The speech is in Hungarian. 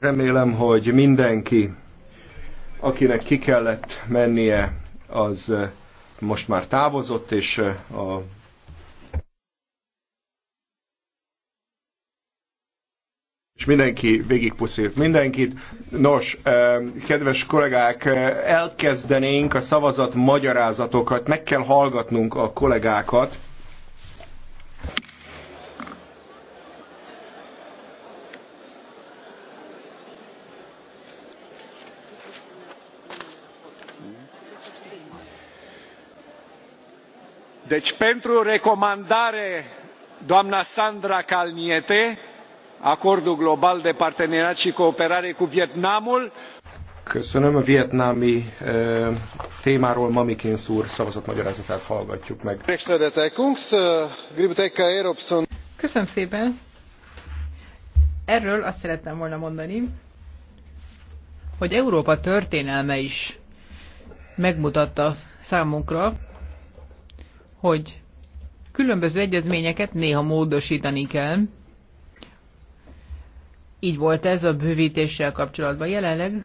Remélem, hogy mindenki, akinek ki kellett mennie, az eh, most már távozott, és eh, a és mindenki végigpuszít mindenkit. Nos, eh, kedves kollégák, elkezdenénk a szavazat magyarázatokat, meg kell hallgatnunk a kollégákat, deci pentru recomandare doamna sandra kalniete acordul global de parteneriat și cooperare cu vietnamul Köszönöm. A vietnámi ö, eh, témáról Mamikins úr magyarázatát hallgatjuk meg. Eh, Köszönöm szépen. Erről azt szerettem volna mondani, hogy Európa történelme is megmutatta számunkra, hogy különböző egyezményeket néha módosítani kell. Így volt ez a bővítéssel kapcsolatban. Jelenleg